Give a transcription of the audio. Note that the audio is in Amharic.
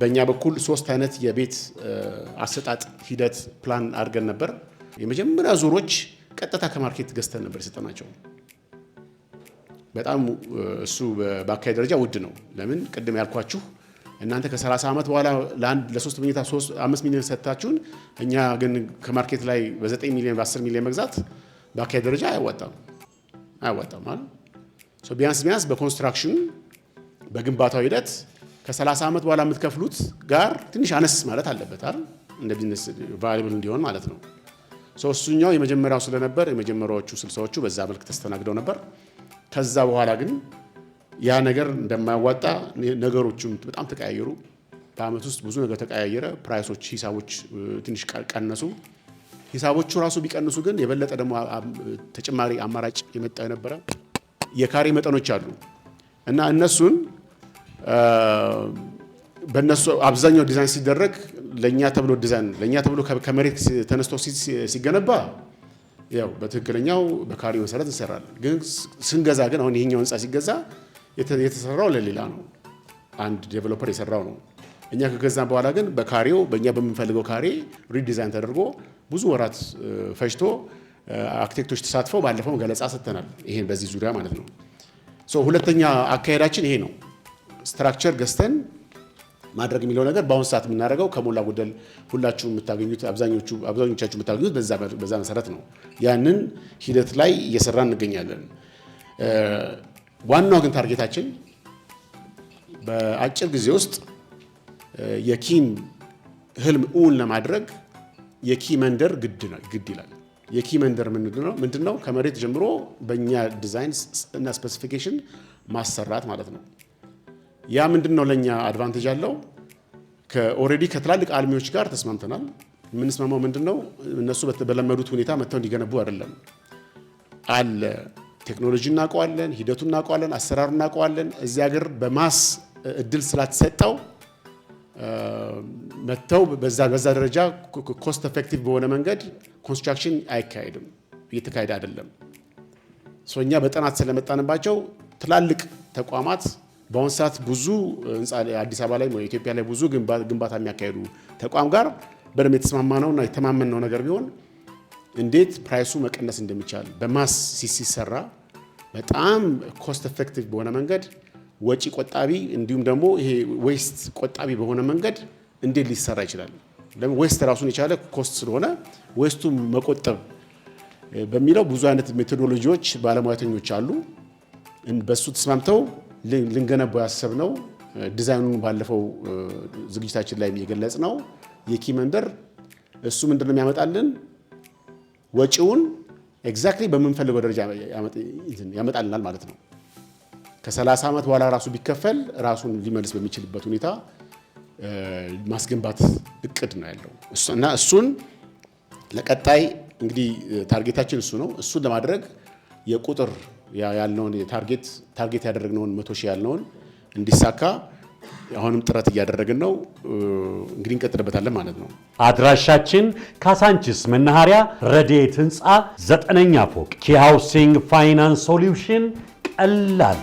በእኛ በኩል ሶስት አይነት የቤት አሰጣጥ ሂደት ፕላን አድርገን ነበር። የመጀመሪያ ዙሮች ቀጥታ ከማርኬት ገዝተን ነበር የሰጠናቸው። በጣም እሱ በአካባቢ ደረጃ ውድ ነው። ለምን ቅድም ያልኳችሁ እናንተ ከ30 ዓመት በኋላ ለአንድ ለሶስት መኝታ 5 ሚሊዮን ሰጥታችሁን፣ እኛ ግን ከማርኬት ላይ በ9 ሚሊዮን በ10 ሚሊዮን መግዛት በአካባቢ ደረጃ አያዋጣም አያዋጣም ቢያንስ ቢያንስ በኮንስትራክሽኑ በግንባታው ሂደት ከ30 ዓመት በኋላ የምትከፍሉት ጋር ትንሽ አነስ ማለት አለበት አይደል? እንደ ቢዝነስ ቫሪብል እንዲሆን ማለት ነው። ሶስተኛው የመጀመሪያው ስለነበር የመጀመሪያዎቹ ስልሳዎቹ በዛ መልክ ተስተናግደው ነበር። ከዛ በኋላ ግን ያ ነገር እንደማያዋጣ ነገሮቹም በጣም ተቀያየሩ። በአመት ውስጥ ብዙ ነገር ተቀያየረ። ፕራይሶች፣ ሂሳቦች ትንሽ ቀነሱ። ሂሳቦቹ ራሱ ቢቀንሱ ግን የበለጠ ደግሞ ተጨማሪ አማራጭ የመጣ የነበረ የካሬ መጠኖች አሉ እና እነሱን በነሱ አብዛኛው ዲዛይን ሲደረግ ለእኛ ተብሎ ዲዛይን ለእኛ ተብሎ ከመሬት ተነስቶ ሲገነባ ያው በትክክለኛው በካሪ መሰረት እንሰራለን። ግን ስንገዛ ግን አሁን ይሄኛው ህንፃ ሲገዛ የተሰራው ለሌላ ነው፣ አንድ ዴቨሎፐር የሰራው ነው። እኛ ከገዛ በኋላ ግን በካሬው በእኛ በምንፈልገው ካሬ ሪዲዛይን ተደርጎ ብዙ ወራት ፈጅቶ አርክቴክቶች ተሳትፈው ባለፈው ገለጻ ሰጥተናል። ይሄን በዚህ ዙሪያ ማለት ነው። ሁለተኛ አካሄዳችን ይሄ ነው። ስትራክቸር ገዝተን ማድረግ የሚለው ነገር በአሁኑ ሰዓት የምናደርገው ከሞላ ጎደል ሁላችሁ የምታገኙት አብዛኞቻችሁ የምታገኙት በዛ መሰረት ነው። ያንን ሂደት ላይ እየሰራ እንገኛለን። ዋናው ግን ታርጌታችን በአጭር ጊዜ ውስጥ የኪን ህልም እውን ለማድረግ የኪ መንደር ግድ ይላል። የኪ መንደር ምንድን ነው? ከመሬት ጀምሮ በእኛ ዲዛይን እና ስፔሲፊኬሽን ማሰራት ማለት ነው። ያ ምንድን ነው ለእኛ አድቫንቴጅ አለው። ኦልሬዲ ከትላልቅ አልሚዎች ጋር ተስማምተናል። የምንስማማው ምንድን ነው እነሱ በለመዱት ሁኔታ መጥተው እንዲገነቡ አይደለም አለ ቴክኖሎጂ እናውቀዋለን፣ ሂደቱ እናውቀዋለን፣ አሰራሩ እናውቀዋለን። እዚህ ሀገር በማስ እድል ስላተሰጠው መጥተው በዛ ደረጃ ኮስት ኤፌክቲቭ በሆነ መንገድ ኮንስትራክሽን አይካሄድም፣ እየተካሄደ አይደለም። እኛ በጥናት ስለመጣንባቸው ትላልቅ ተቋማት በአሁኑ ሰዓት ብዙ አዲስ አበባ ላይ ኢትዮጵያ ላይ ብዙ ግንባታ የሚያካሄዱ ተቋም ጋር በደንብ የተስማማ እና የተማመን ነው ነገር ቢሆን እንዴት ፕራይሱ መቀነስ እንደሚቻል በማስ ሲሰራ በጣም ኮስት ኤፌክቲቭ በሆነ መንገድ ወጪ ቆጣቢ እንዲሁም ደግሞ ይሄ ዌስት ቆጣቢ በሆነ መንገድ እንዴት ሊሰራ ይችላል? ለምን ዌስት ራሱን የቻለ ኮስት ስለሆነ ዌስቱ መቆጠብ በሚለው ብዙ አይነት ሜቶዶሎጂዎች ባለሙያተኞች አሉ። በእሱ ተስማምተው ልንገነባው ያሰብነው ዲዛይኑን ባለፈው ዝግጅታችን ላይ የገለጽ ነው የኪ መንደር እሱ ምንድን ነው የሚያመጣልን ወጪውን ኤግዛክትሊ በምንፈልገው ደረጃ ያመጣልናል ማለት ነው። ከ30 ዓመት በኋላ ራሱ ቢከፈል ራሱን ሊመልስ በሚችልበት ሁኔታ ማስገንባት እቅድ ነው ያለው እና እሱን ለቀጣይ እንግዲህ ታርጌታችን እሱ ነው። እሱን ለማድረግ የቁጥር ያለውን ታርጌት ታርጌት ያደረግነውን መቶ ሺህ ያለውን እንዲሳካ አሁንም ጥረት እያደረግን ነው። እንግዲህ እንቀጥልበታለን ማለት ነው። አድራሻችን ካሳንቺስ መናኸሪያ ረድኤት ህንፃ ዘጠነኛ ፎቅ ኪ ሃውሲንግ ፋይናንስ ሶሉሽን ቀላል